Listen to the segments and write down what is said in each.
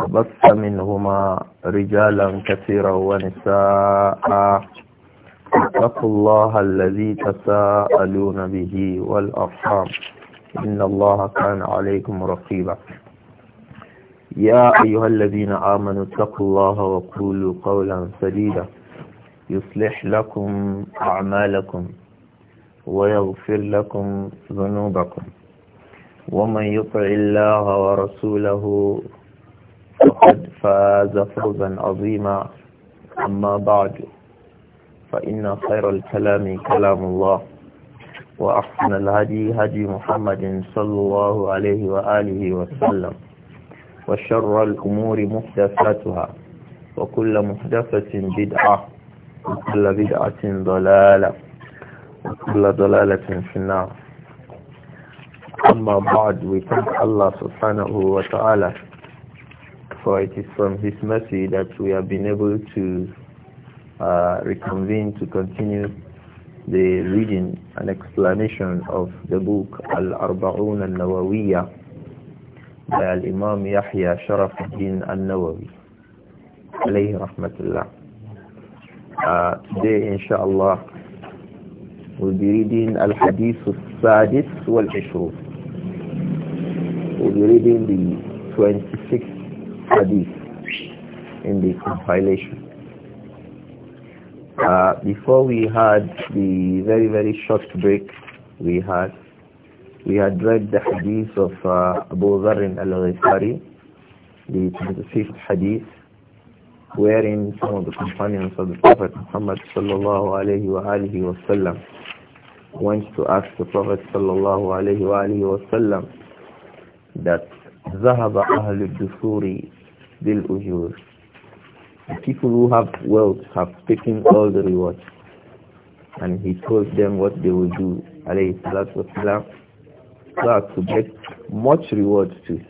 وبث منهما رجالا كثيرا ونساء اتقوا الله الذي تساءلون به والأرحام إن الله كان عليكم رقيبا يا أيها الذين آمنوا اتقوا الله وقولوا قولا سديدا يصلح لكم أعمالكم ويغفر لكم ذنوبكم ومن يطع الله ورسوله فقد فاز فوزا عظيما أما بعد فإن خير الكلام كلام الله وأحسن الهدي هدي محمد صلى الله عليه وآله وسلم وشر الأمور محدثاتها وكل محدثة بدعة وكل بدعة ضلالة وكل ضلالة في النار أما بعد we thank Allah وتعالى for it is from His mercy that we have been able to uh, reconvene to continue the reading and explanation of the book Al-Arba'un Al-Nawawiyya by Al-Imam Yahya Sharafuddin Al-Nawawi alayhi rahmatullah uh, today inshallah we'll be reading Al-Hadith Al-Sadis Wal-Ishruf we'll be reading the 26th hadith in the compilation. Uh, before we had the very, very short break we had, we had read the hadith of uh, Abu Dharr al-Ghifari, the 25th hadith, wherein some of the companions of the Prophet Muhammad sallallahu alayhi wa alihi wa went to ask the Prophet sallallahu alayhi wa alihi wa that ذهب أهل الدثور bil ujur. The people who have wealth have taken all the rewards. And he told them what they will do, alayhi salatu wasalam, so as to get much rewards too.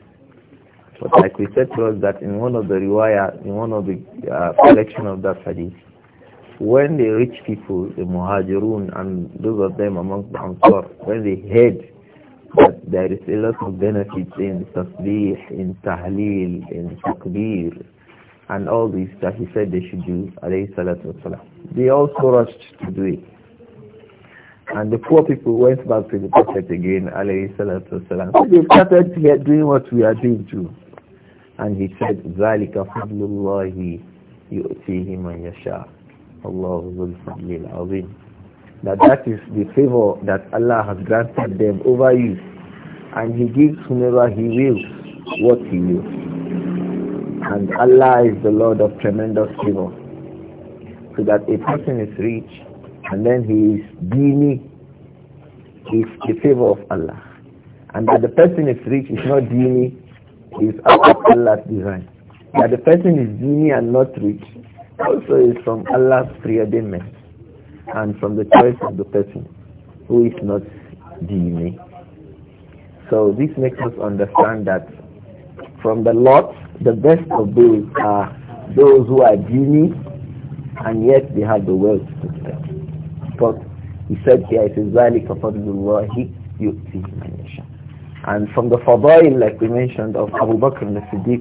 But like we said to us that in one of the riwayah, in one of the uh, collection of that hadith, when the rich people, the muhajirun and those of them among the Ansar, when they heard but there is a lot of benefits in tasbih, in tahleel, in takbir, and all these that he said they should do, alayhi salatu wasalam. They also rushed to do it. And the poor people went back to the Prophet again, alayhi salatu wasalam. they started doing what we are doing too. And he said, ذَلِكَ فَضْلُ اللَّهِ يُؤْتِيهِ مَنْ يَشَاءُ اللَّهُ ذُو الْفَضْلِ that that is the favor that Allah has granted them over you and he gives whomever he wills what he wills and Allah is the Lord of tremendous favor so that a person is rich and then he is dini is the favor of Allah and that the person is rich is not dini is out of Allah's design that the person is dini and not rich also is from Allah's preordainment and from the choice of the person who is not dini. So this makes us understand that from the lot, the best of those are those who are dini and yet they have the wealth to spend. But he said here, it is ذَلِكَ فَضْلُ اللَّهِ And from the fadail, like we mentioned, of Abu Bakr and the Siddiq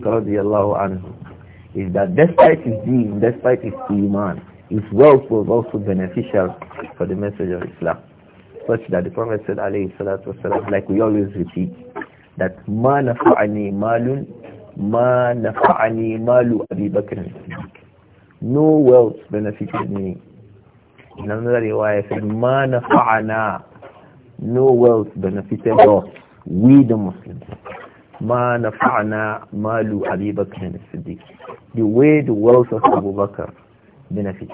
is that despite his deen, despite his iman, his wealth was also beneficial for the message of Islam. Such that the Prophet said, alayhi salatu wasalam, like we always repeat, that ma nafa'ani malun, ma nafa'ani malu Abi Bakr. No wealth benefited me. In another way, I said, ma nafa'ana, no wealth benefited us, we the Muslims. Ma nafa'ana malu Abi Bakr The way the wealth of Abu Bakr benefited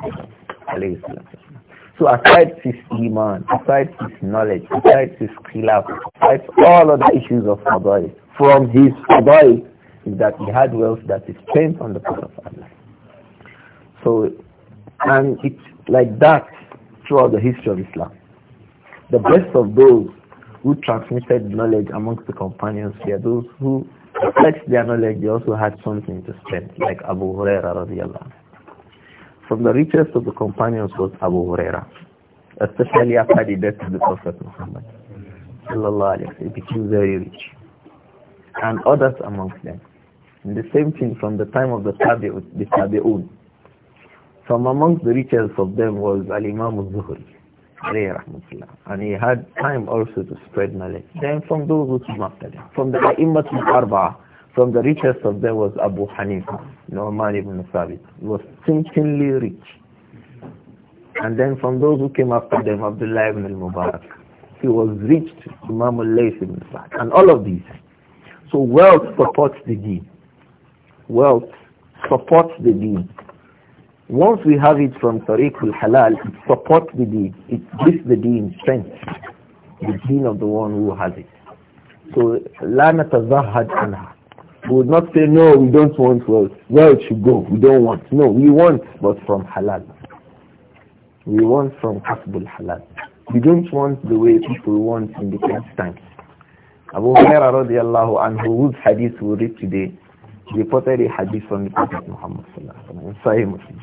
So aside his iman, aside his knowledge, aside his khilaf, aside all other issues of fadail, from his fadail is that he had wealth that is spent on the path of Allah. So, and it's like that throughout the history of Islam. The best of those who transmitted knowledge amongst the companions were those who, besides their knowledge, they also had something to spend, like Abu Huraira radiallahu from the richest of the companions was Abu Huraira, especially after the death of the Prophet Muhammad. He became very rich. And others amongst them. And the same thing from the time of the Tabi'un. The Tabi'un. From amongst the richest of them was Al-Imam al-Zuhri. And he had time also to spread knowledge. Then from those who came after them. From the Imam al-Arba'ah from the richest of them was Abu Hanifa, Nu'man ibn Thabit. He was stinkingly rich. And then from those who came after them, Abdullah ibn al-Mubarak. He was rich Imam al-Layth ibn sa And all of these. So wealth supports the deen. Wealth supports the deen. Once we have it from Tariqul Halal, it supports the deen. It gives the deen strength. The deen of the one who has it. So, لا نتزهد عنها. We would not say, no, we don't want wealth. it should go. We don't want. No, we want, but from halal. We want from Hasbul halal. We don't want the way people want in the past times. Abu Huraira radiallahu anhu, whose hadith we read today, reported a hadith from the Prophet Muhammad sallallahu alaihi wasallam. Sahih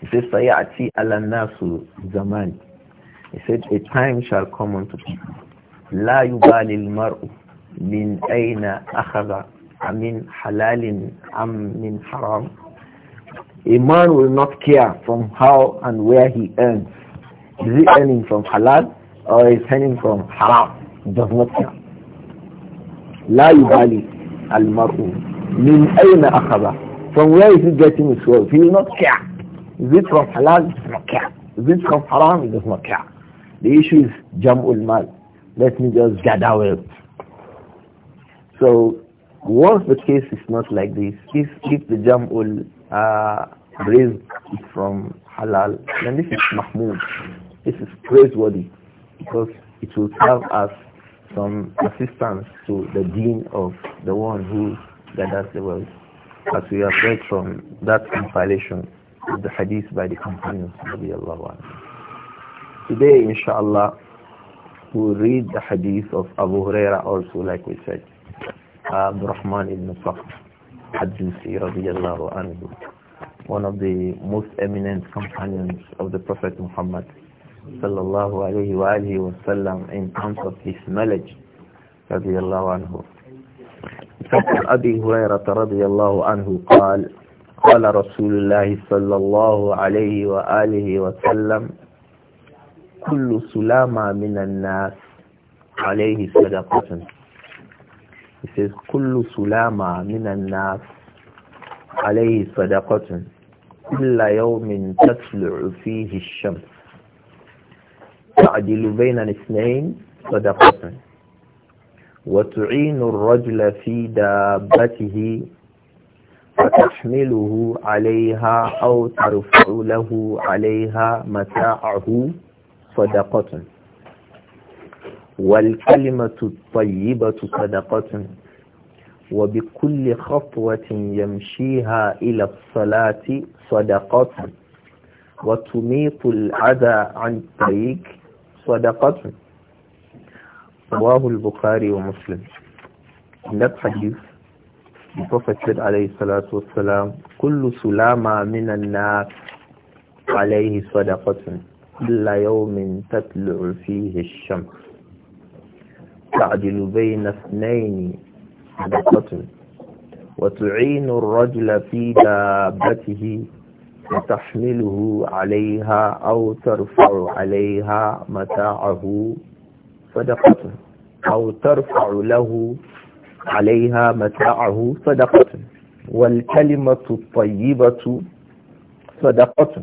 He says, "Sayati ala nasu zaman." He said, "A time shall come unto people, la yubali al-mar'u min ayna akhadha amin halalin am min haram a man will not care from how and where he earns is he earning from halal or is he earning from haram he does not care la yubali al mar'u min ayna akhadha from where is he getting his wealth he will not care is it from halal he does not care is it from haram he does not care the issue is jam'ul mal let me just gather wealth so once the case is not like this, if, if the jam'ul uh, raise it from halal, then this is mahmud. This is praiseworthy because it will serve as some assistance to the dean of the one who gathers the world. as we have read from that compilation of the hadith by the companions. Today, inshallah, we will read the hadith of Abu Huraira also, like we said. Abdul Rahman ibn Sakhr Ad-Dusi radiallahu anhu, one of the most eminent companions of the Prophet Muhammad sallallahu alayhi wa alihi wasallam in terms of his knowledge radiallahu anhu. فقال أبي هريرة رضي الله عنه قال قال رسول الله صلى الله عليه وآله وسلم كل سلامة من الناس عليه صدقة He says, كل سلامة من الناس عليه صدقة إلا يوم تطلع فيه الشمس تعدل بين الاثنين صدقة وتعين الرجل في دابته فتحمله عليها أو ترفع له عليها متاعه صدقة والكلمة الطيبة صدقة وبكل خطوة يمشيها إلى الصلاة صدقة وتميط الأذى عن الطريق صدقة رواه البخاري ومسلم In حديث hadith, the عليه الصلاة والسلام كل سلامة من الناس عليه صدقة كل يوم تطلع فيه الشمس تعدل بين اثنين صدقة وتعين الرجل في دابته وتحمله عليها أو ترفع عليها متاعه صدقة أو ترفع له عليها متاعه صدقة والكلمة الطيبة صدقة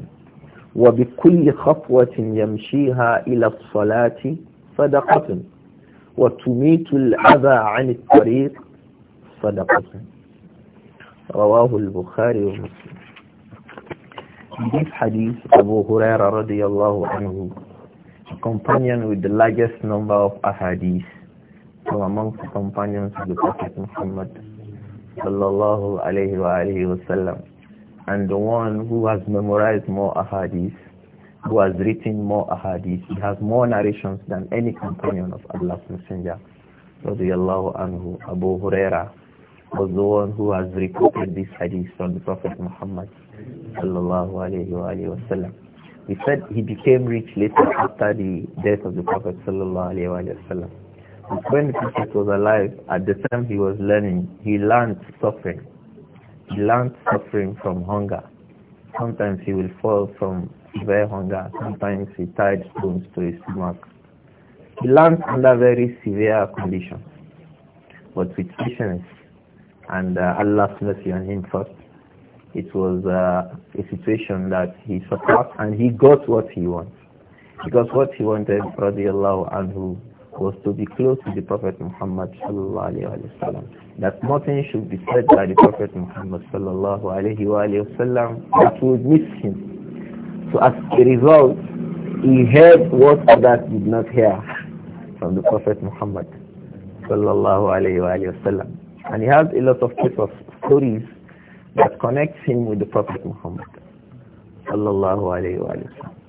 وبكل خطوة يمشيها إلى الصلاة صدقة وتميت الأذى عن الطريق صدقة رواه البخاري ومسلم companion with the largest number of ahadith from the companions of the Prophet Muhammad sallallahu alayhi wa wa sallam and the one who has memorized more ahadith who has written more ahadith. He has more narrations than any companion of Allah's Messenger. Radiallahu anhu, Abu Huraira was the one who has reported this hadith from the Prophet Muhammad sallallahu alayhi wa sallam. He said he became rich later after the death of the Prophet sallallahu alayhi wasallam. When the Prophet was alive, at the time he was learning, he learned suffering. He learned suffering from hunger. Sometimes he will fall from very hunger. Sometimes he tied stones to his stomach. He lands under very severe conditions. But with patience and uh, Allah's mercy on him first, it was uh, a situation that he surpassed and he got what he wants. Because what he wanted, radiallahu anhu, was to be close to the Prophet Muhammad sallallahu alayhi wa That nothing should be said by the Prophet Muhammad sallallahu alayhi wa sallam that would miss him. So as a result, he heard what others did not hear from the Prophet Muhammad sallallahu alayhi wa And he has a lot of case of stories that connects him with the Prophet Muhammad sallallahu alayhi wa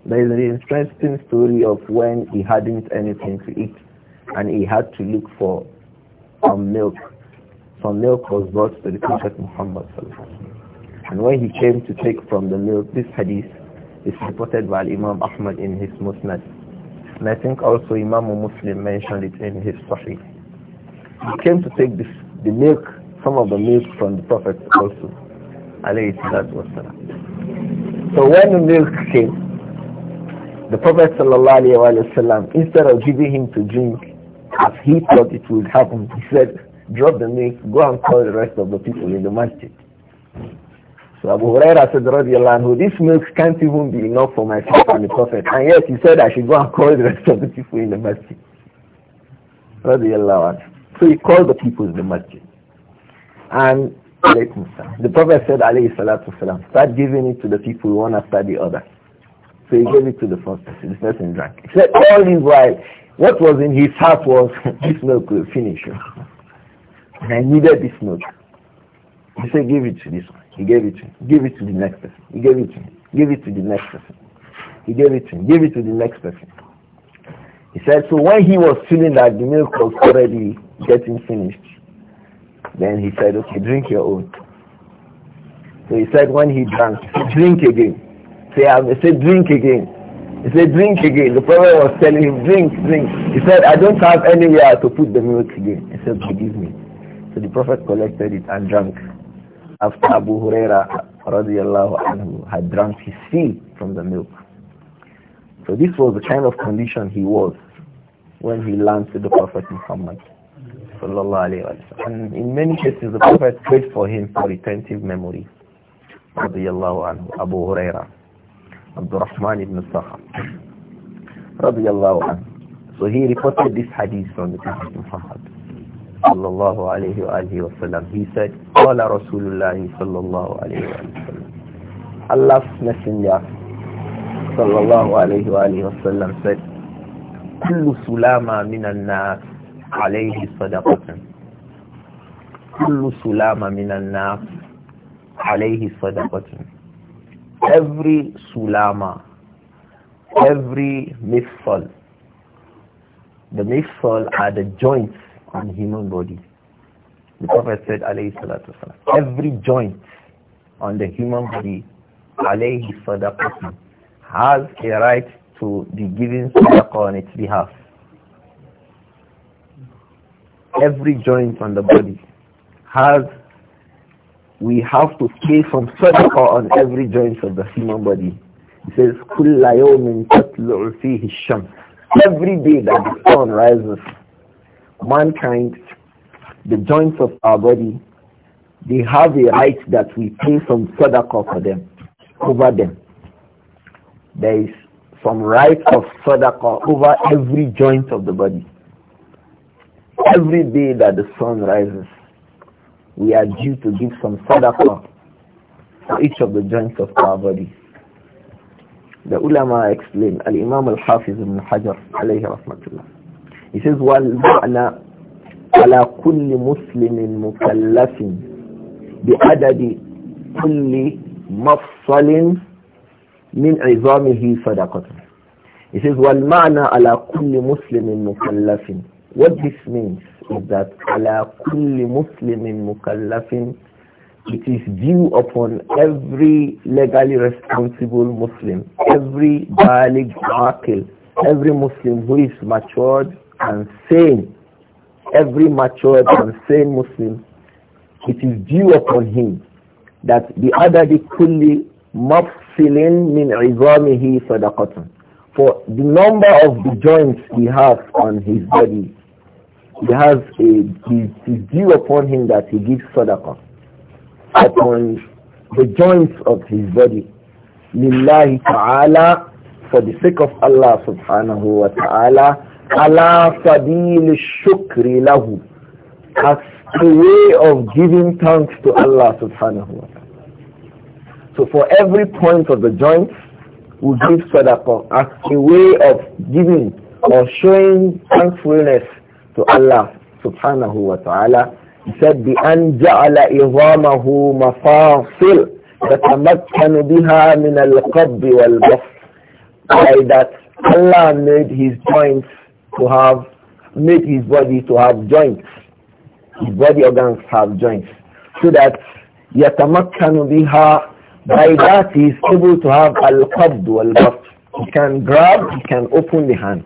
There is an interesting story of when he hadn't anything to eat and he had to look for some milk. Some milk was brought to the Prophet Muhammad sallallahu alayhi wa And when he came to take from the milk, this hadith is reported by Imam Ahmad in his Musnad. And I think also Imam Muslim mentioned it in his Sahih. He came to take this, the milk, some of the milk from the Prophet also. So when the milk came, the Prophet wasallam, instead of giving him to drink as he thought it would happen, he said, drop the milk, go and call the rest of the people in the masjid. So Abu Huraira said, anhu, this milk can't even be enough for my sister and the Prophet. And yet he said I should go and call the rest of the people in the masjid. So he called the people in the masjid. And the Prophet said, alayhi salatu salam, start giving it to the people one after the other. So he gave it to the first person. The person drank. He said, all this while, what was in his heart was, this milk will finish. and I needed this milk. He said, give it to this one. He gave it to him. Give it to the next person. He gave it to him. Give it to the next person. He gave it to him. Give it to the next person. He said, so when he was feeling that the milk was already getting finished, then he said, okay, drink your own. So he said, when he drank, drink again. Say, I said, drink again. He said, drink again. The prophet was telling him, drink, drink. He said, I don't have anywhere to put the milk again. He said, forgive me. So the prophet collected it and drank after Abu Huraira radiallahu anhu had drunk his fill from the milk. So this was the kind of condition he was when he landed the Prophet Muhammad. And in many cases the Prophet prayed for him for retentive memory. Radiallahu anhu, Abu Huraira, Abdurrahman ibn Sakhar. Radiallahu anhu. So he reported this hadith from the Prophet Muhammad sallallahu alayhi wa wasallam. He said, Qala Rasulullah sallallahu alayhi wa sallam. Allah's messenger sallallahu alayhi wa wasallam said, كل سلامة من الناس عليه صدقة كل سلامة من الناس عليه صدقة every sulama every mifsal the mifsal are the joints on human body. The Prophet said, alayhi salatu wasalam, every joint on the human body, alayhi sadaqah, has a right to be given sadaqah on its behalf. Every joint on the body has, we have to pay from sadaqah on every joint of the human body. It says, كُلَّ يَوْمٍ تَطْلُعُ فِيهِ الشَّمْسِ Every day that the sun rises, mankind, the joints of our body, they have a right that we pay some sadaqah for them, over them. There is some right of sadaqah over every joint of the body. Every day that the sun rises, we are due to give some sadaqah for each of the joints of our body. The ulama explain, Al-Imam Al-Hafiz Ibn Hajar, alayhi rahmatullah. He says, وَالْمَعْنَى عَلَى كُلِّ مُسْلِمٍ مُكَلَّفٍ بِعَدَدِ كُلِّ مَفْصَلٍ مِنْ عِظَامِهِ صَدَقَةً He says, وَالْمَعْنَى عَلَى كُلِّ مُسْلِمٍ مُكَلَّفٍ What this means is that عَلَى كُلِّ مُسْلِمٍ مُكَلَّفٍ it is due upon every legally responsible Muslim, every balig aqil, every Muslim who is matured and saying every mature and sane Muslim, it is due upon him that the other kulli mafsilin min izamihi sadaqatan. For the number of the joints he has on his body, he has a, it is due upon him that he gives sadaqah upon the joints of his body. Lillahi ta'ala, for the sake of Allah subhanahu wa ta'ala, ala sabil shukri lahu as the way of giving thanks to Allah subhanahu wa ta'ala. So for every point of the joint, we give sadaqah as a way of giving or showing thankfulness to Allah subhanahu wa ta'ala. He said, بِأَنْ جَعَلَ إِظَامَهُ مَفَاصِلْ تَتَمَكَّنُ بِهَا مِنَ الْقَبِّ وَالْبَصْرِ By that Allah made his joints to have make his body to have joints. His body organs have joints. So that yatamakkanu biha by that he is able to have al-qabd But He can grab, he can open the hands.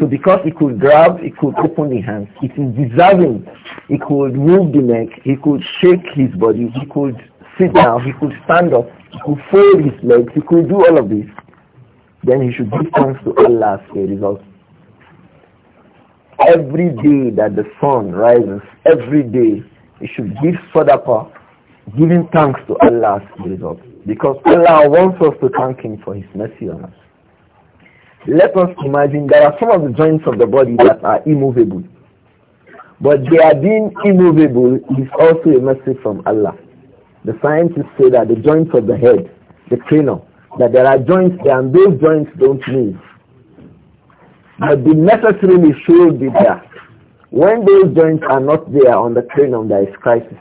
So because he could grab, he could open the hands. It is deserving. He could move the neck. He could shake his body. He could sit down. He could stand up. He could fold his legs. He could do all of this. Then he should give thanks to Allah as a result. Every day that the sun rises, every day, you should give sadaqah, giving thanks to Allah as result. Because Allah wants us to thank Him for His mercy on us. Let us imagine there are some of the joints of the body that are immovable. But their being immovable is also a message from Allah. The scientists say that the joints of the head, the cranium, that there are joints there and those joints don't move. But the necessarily should be there. When those joints are not there on the cranium, there is crisis.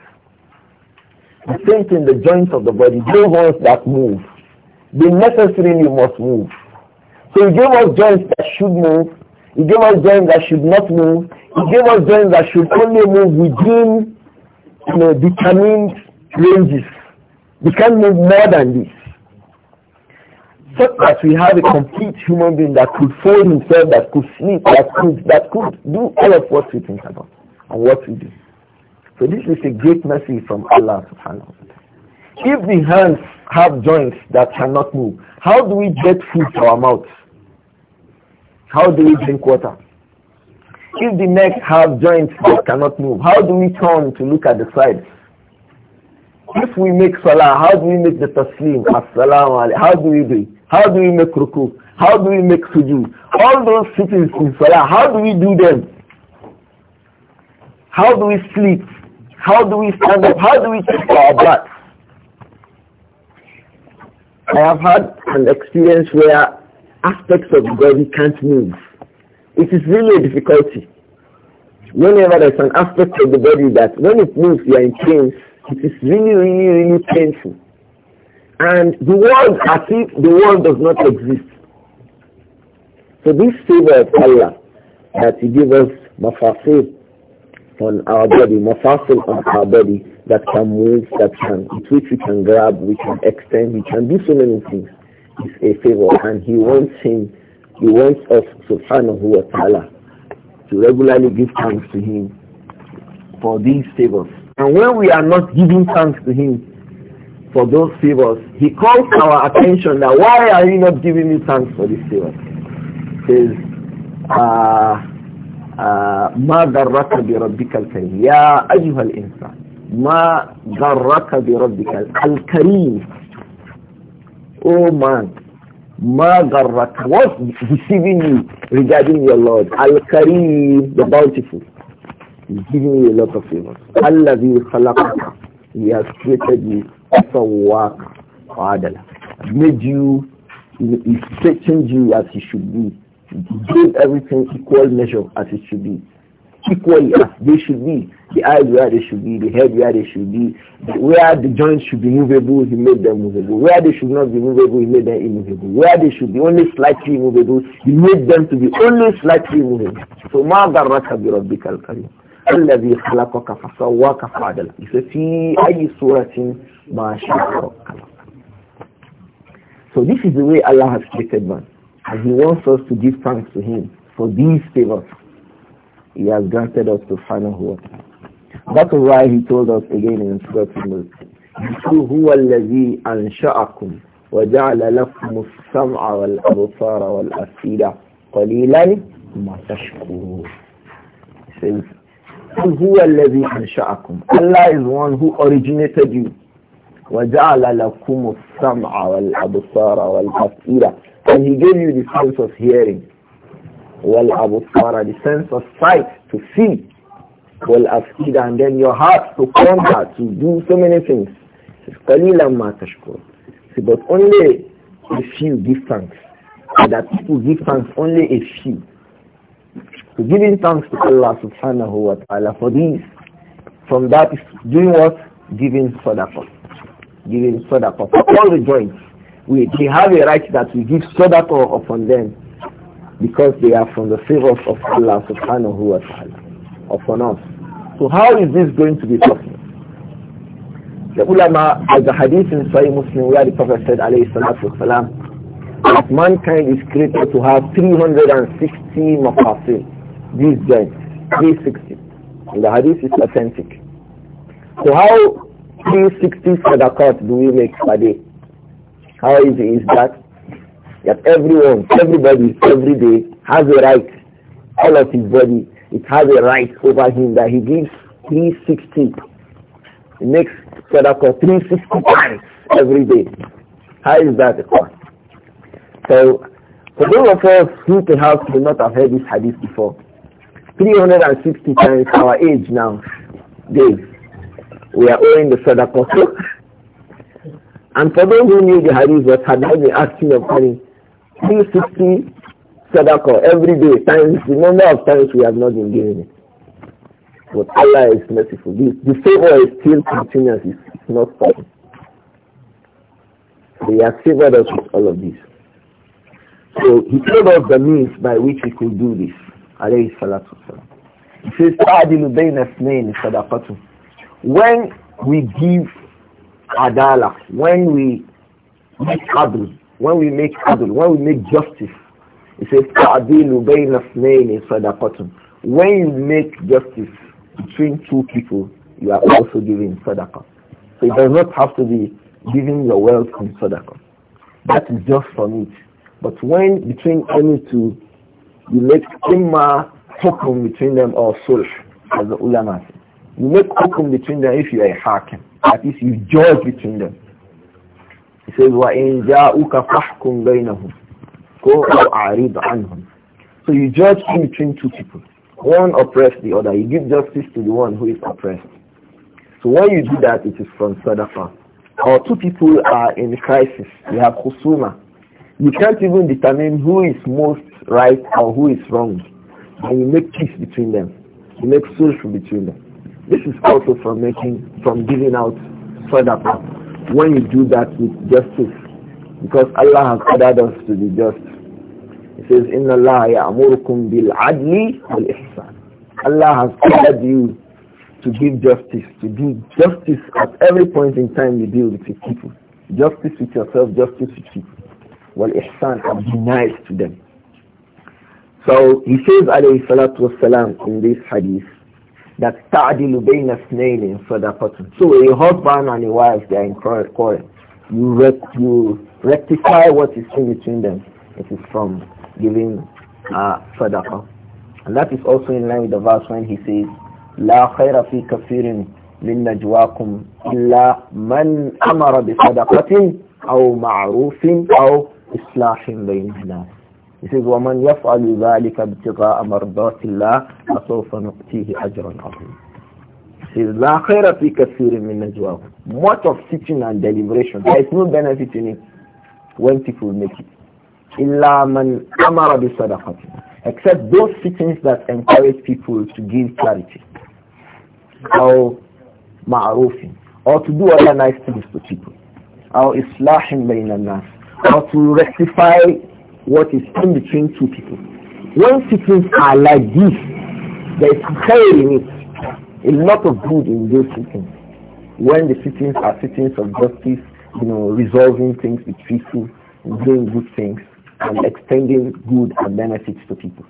The same thing, the joints of the body, those ones that move, they necessarily must move. So he gave us joints that should move, he gave us joints that should not move, he gave us joints that should only move within you know, determined ranges. We can't move more than this. So that we have a complete human being that could fold himself, that could sleep, that could, that could do all of what we think about and what we do. So this is a great mercy from Allah subhanahu wa ta'ala. If the hands have joints that cannot move, how do we get food to our mouths? How do we drink water? If the neck have joints that cannot move, how do we turn to look at the sides? If we make salah, how do we make the taslim? Assalamu alaikum. How do we do it? How do we make ruku? How do we make sujood? All those things in salah, how do we do them? How do we sleep? How do we stand up? How do we take our bath? I have had an experience where aspects of the body can't move. It is really a difficulty. Whenever there's an aspect of the body that when it moves you are in pain, it is really, really, really painful and the world as if the world does not exist. So this favor of Allah that He gives us mafasil on our body, mafasil on our body that can move, that can, with which we can grab, we can extend, we can do so many things is a favor and He wants Him, He wants us, subhanahu wa ta'ala, to regularly give thanks to Him for these favors. And when we are not giving thanks to Him, for those favors, he calls our attention that why are you not giving me thanks for this favor? Says, ما ضرك بربك الكريم يا أيها الإنسان ما ضرك بربك الكريم Oh man, ما ضرك What deceiving you regarding your Lord? Al-Karim, the bountiful. He's giving you a lot of favors. الذي خلقك He has created you work, adala made you is you as he should be gave everything equal measure as it should be equally as they should be the eyes where they should be the head where they should be where the joints should be movable he made them movable where they should not be movable he made them immovable where they should be only slightly movable he made them to be only slightly movable so ma baraka bi rabbikal karim الذي خلقك فسواك أي سورة ما شاء So this is the way Allah has created man. And He wants us to give thanks to Him for these favors He has granted us to Subhanahu wa That is why He told us again in Surah Al-Mulk, هو الذي أنشأكم وجعل لكم السمع والأبصار والأفئدة قليلا ما تشكرون. He says, هو الذي أنشأكم Allah is one who originated you وجعل لكم السمع والأبصار والأفئرة and he gave you the sense of hearing والأبصار the sense of sight to see والأفئرة and then your heart to conquer to do so many things قليلا ما تشكر but only a few give thanks that people give thanks only a few so giving thanks to Allah subhanahu wa ta'ala for this, from that is doing what? Giving sadaqah. Giving sadaqah. For all the joints, we, we have a right that we give sadaqah upon them because they are from the favors of Allah subhanahu wa ta'ala upon us. So how is this going to be possible? The ulama as the hadith in Sahih Muslim where the Prophet said alayhi salatu wasalam that mankind is created to have 360 maqasid these joint, 360. And the hadith is authentic. So how 360 sadaqat do we make per day? How easy is that? That everyone, everybody, every day has a right, all of his body, it has a right over him that he gives 360. He makes sadaqah 360 times every day. How is that a So, for those of us who perhaps may not have heard this hadith before, 360 times our age now, days. We are owing the sadaqah. and for those who knew the hadith what had not been asking of money, 360 sadaqah every day times the number of times we have not been giving it. But Allah is merciful. The, the favor is still continuous. It's not stopping. He have favored us with all of this. So he told us the means by which we could do this alayhi salatu wasalam. says, bayna sadaqatu. When we give adala, when we make adl, when we make adl, when we make justice, he says, Ta'adilu bayna snayn sadaqatu. When you make justice between two people, you are also giving sadaqah. So it does not have to be giving your wealth in sadaqah. That is just from it. But when between any two, you make imma hukum between them or sulh, as the ulama say. You make hukum between them if you are a hakim. least you judge between them. He says, وَإِنْ جَاءُكَ فَحْكُمْ بَيْنَهُمْ Go أَعْرِضْ عَنْهُمْ So you judge in between two people. One oppresses the other. You give justice to the one who is oppressed. So when you do that, it is from sadaqah. Or two people are in crisis. You have khusuma. You can't even determine who is most right or who is wrong. And you make peace between them. You make social between them. This is also from making, from giving out sadaqah. When you do that with justice, because Allah has ordered us to be just. He says, "Inna Allah ya'murukum bil adli wal ihsan." Allah has ordered you to give justice, to do justice at every point in time you deal with people. Justice with yourself, justice with people. Wal ihsan, and be nice to them. So he says alayhi salatu wasalam in this hadith that ta'dilu bayna snailin sadaqatun. So a husband and a wife they are in quarrel. You, rec you rectify what is in between them. It is from giving uh, sadaqah. And that is also in line with the verse when he says, لا خير في كثير من نجواكم إلا من أمر بصدقة أو معروف أو إصلاح بين الناس he says, وَمَنْ يَفْعَلُ ذَلِكَ ابْتِغَاءَ مَرْضَاتِ اللَّهِ فَسَوْفَ نُؤْتِيهِ أَجْرًا عَظِيمًا He says, لَا خَيْرَ فِي كَثِيرٍ مِّن Much of teaching and deliberation, there is no benefit in it when people make it. Except those teachings that encourage people to give charity. or to do other nice things to people. أو إصلاح بين الناس or to rectify what is in between two people. When sittings are like this, there is hell in it. A lot of good in those sittings. When the sittings are sittings of justice, you know, resolving things between people, doing good things, and extending good and benefits to people.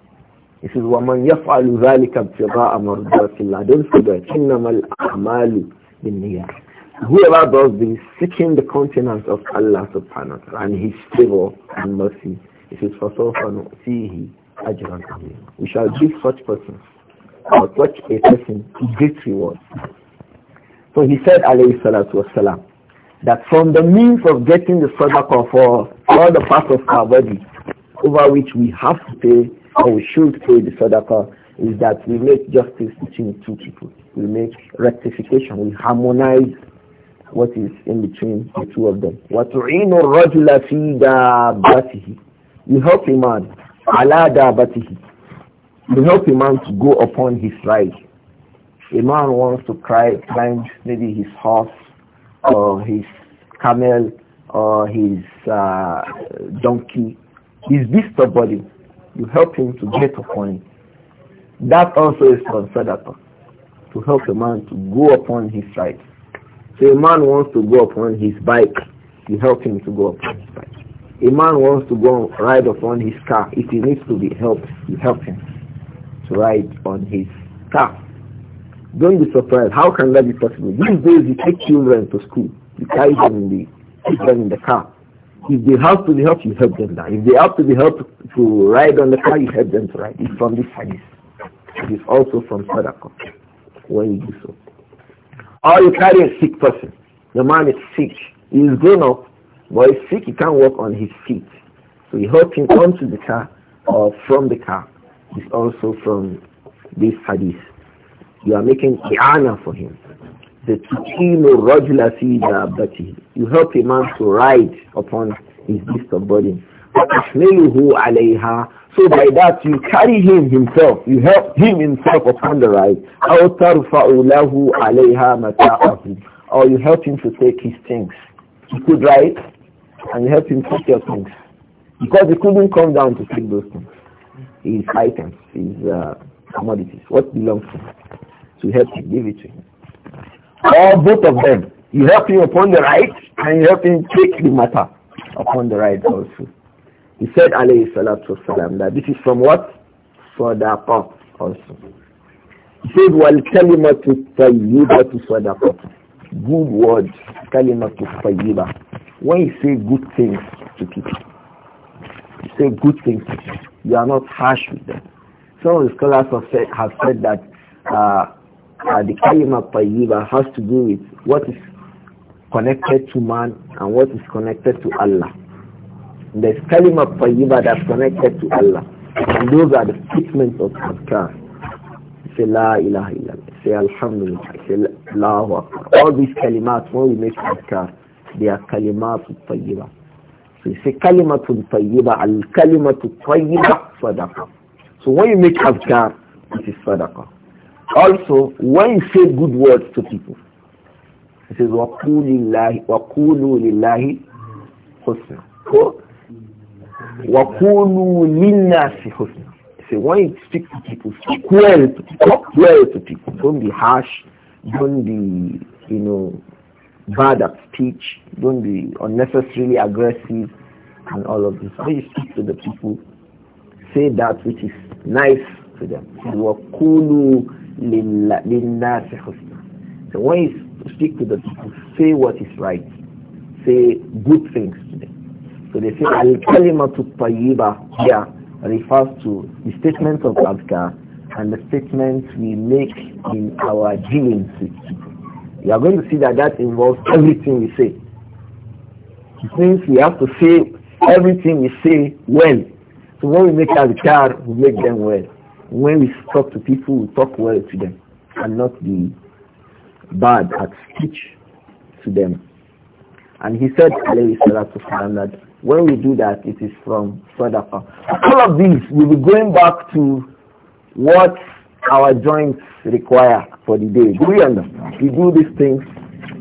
This is وَمَنْ يَفْعَلُ ذَلِكَ ابْتِغَاءَ مَرْضَاتِ اللَّهِ Don't forget, إِنَّمَا الْأَعْمَالُ بِالنِّيَّةِ Whoever does this, seeking the countenance of Allah subhanahu wa ta'ala and His favor and mercy if it's for someone, see ajran We shall give such person or such a person great reward. So he said, alayhi salatu wasalam, that from the means of getting the sadaqah for all the parts of our body over which we have to pay or we should pay the sadaqah is that we make justice between two people. We make rectification. We harmonize what is in between the two of them. وَتُعِينُ الرَّجُلَ فِي دَابَّتِهِ you help a man. Allah but You help a man to go upon his ride. A man wants to cry, climb maybe his horse or his camel or his uh, donkey. His beast of body. You help him to get upon it. That also is from To help a man to go upon his ride. So a man wants to go upon his bike. You help him to go upon his bike. A man wants to go ride upon his car. If he needs to be helped, you help him to ride on his car. Don't be surprised. How can that be possible? These days you take children to school. You carry them in the keep them in the car. If they have to be helped, you help them now. If they have to be helped to ride on the car, you help them to ride. It's from this hadith. It is also from Sadaqah when you do so. Or you carry a sick person. The man is sick. He is grown up. But he's sick, he can't walk on his feet. So he helped him onto the car or from the car. It's also from this hadith. You are making i'ana for him. The tukinu rajla fi dabbatihi. You help a man to ride upon his beast of burden. So by that you carry him himself. You help him himself upon the ride. Or you help him to take his things. He could ride and help him take your things. Because he couldn't come down to take those things. His items, his uh, commodities, what belongs to him. So help him, give it to him. Or both of them. You help him upon the right and you help him take the matter upon the right also. He said, alayhi salatu wasalam, that this is from what? Sadaqah also. He said, wal kalimatu tayyibatu sadaqah. Good word, kalimatu tayyibah when you say good things to people, you say good things to you are not harsh with them. Some of the scholars have said, have said that uh, uh, the kalima payiba has to do with what is connected to man and what is connected to Allah. There's kalima payiba that's connected to Allah. And those are the statements of Azkar. Say la ilaha illallah. Say alhamdulillah. Say Allahu Akbar. All these kalimat when we make Azkar. They are kalimatul tayyiba. So you say kalimatul tayyiba, al kalimatul tayyiba sadaqa. So when you make azkar, it is sadaqa. Also, when you say good words to people, it says وَقُولُوا لِلَّهِ husna. لِلَّهِ حُسْنًا وَقُولُوا لِلنَّاسِ حُسْنًا say when you speak to people, speak well to people, well to people. Don't be harsh. Don't be, you know, bad at speech, don't be unnecessarily aggressive and all of this. When you speak to the people, say that which is nice to them. وَقُولُوا لِلنَّاسِ is So when you speak to the people, say what is right. Say good things to them. So they say, Al-Kalimatu Tayyiba here refers to the statement of Adhkar and the statements we make in our dealings with people. You are going to see that that involves everything we say. It means we have to say everything we say well. So when we make azkar, we make them well. When we talk to people, we talk well to them and not be bad at speech to them. And he said, that when we do that, it is from further All of these, we'll be going back to what our joints require for the day. Do we understand? We do these things.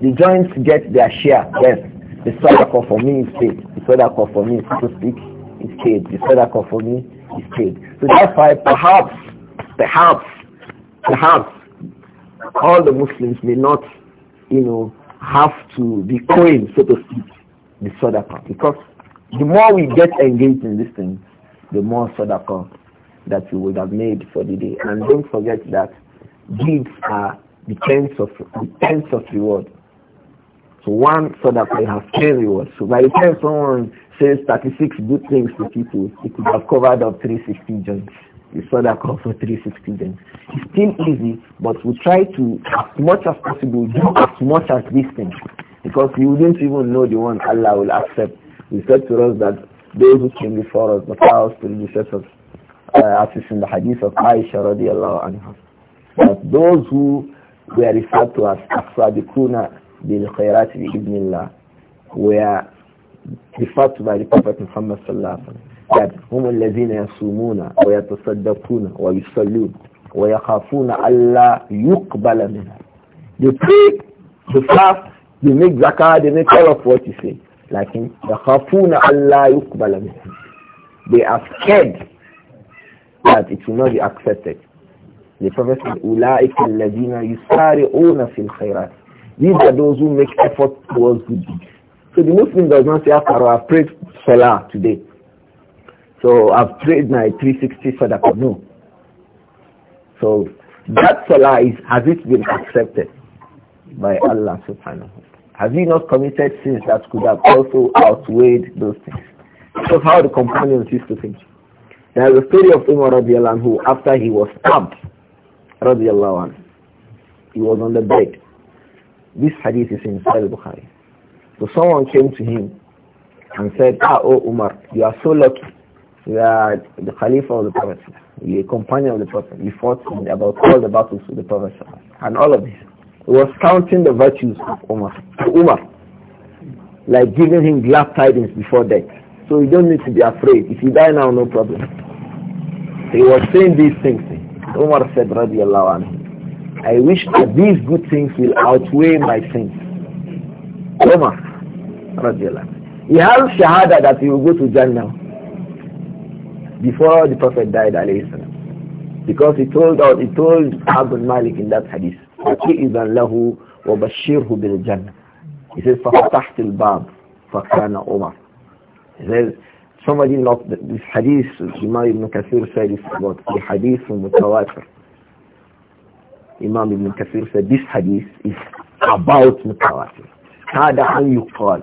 The joints get their share. Yes. The sadaqah for me is paid. The sadaqah for me, to speak, is paid. The sadaqah for me is paid. So that's why perhaps, perhaps, perhaps all the Muslims may not, you know, have to be coin, so to speak, the sadaqah. Because the more we get engaged in this thing, the more sadaqah that you would have made for the day. And don't forget that deeds are the tens of the tens of reward. So one so that I have ten rewards. So by the time someone says thirty six good things to people, it could have covered up three sixty joints. You saw that call for three sixty joints. It's still easy, but we try to as much as possible do as much as these things. Because you wouldn't even know the one Allah will accept. He said to us that those who came before us, the powers to the us uh, as is in the hadith of Aisha radiallahu anha, that those who were referred to as As-Sadiquna bil khairat bi were referred to by the Prophet Muhammad sallallahu alaihi wasallam that هم الذين يصومون ويتصدقون ويصلون ويخافون ألا يقبل منها they pray they fast they make zakah they make all of what you say لكن يخافون ألا يقبل منها they are scared that it will not be accepted. The Prophet said, أُولَٰئِكَ الَّذِينَ يُسَارِعُونَ فِي الْخَيْرَاتِ These are those who make effort towards good deeds. So the Muslim does not say, after I've prayed Salah today. So I've prayed my 360 Sadaqah. No. So that Salah is, has it been accepted by Allah subhanahu Has he not committed sins that could have also outweighed those things? So how the companions used to think. There is a story of Umar radiallahu anhu after he was stabbed radiallahu anhu. He was on the bed. This hadith is in Sahih Bukhari. So someone came to him and said, Ah, oh Umar, you are so lucky. that the Khalifa of the Prophet. the companion of the Prophet. You fought about all the battles with the Prophet. And all of this. He was counting the virtues of Umar. Umar. Like giving him glad tidings before death. So you don't need to be afraid. If you die now, no problem. He was saying these things. Umar said, radiallahu anhu, I wish that these good things will outweigh my sins. Umar, radiallahu anhu. He has shahada that he will go to Jannah before the Prophet died, alayhi salam. Because he told out, he told Abu Malik in that hadith, إِذَا لَهُ وَبَشِّرْهُ بِالْجَنَّةِ He says, فَفَتَحْتِ الْبَابِ فَكَانَ Oma." There's somebody not this hadith, Imam ibn Kathir said it's about the hadith from Mutawatir. Imam ibn Kathir said this hadith is about Mutawatir. هذا how يقال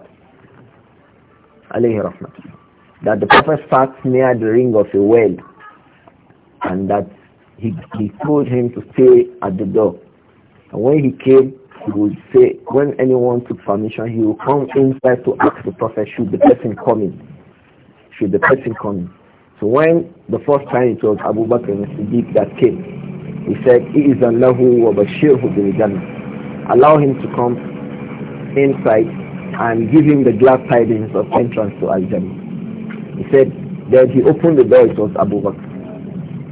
عليه رحمة الله that the prophet sat near the ring of a well and that he, he told him to stay at the door. And when he came, he would say, when anyone took permission, he would come inside to ask the Prophet, should the person come in? Should the person come in? So when the first time it was Abu Bakr and Siddiq that came, he said, إِذَنْ who وَبَشِّرْهُ بِالْجَنَّةِ Allow him to come inside and give him the glad tidings of entrance to Al-Jannah. He said, then he opened the door, it was Abu Bakr.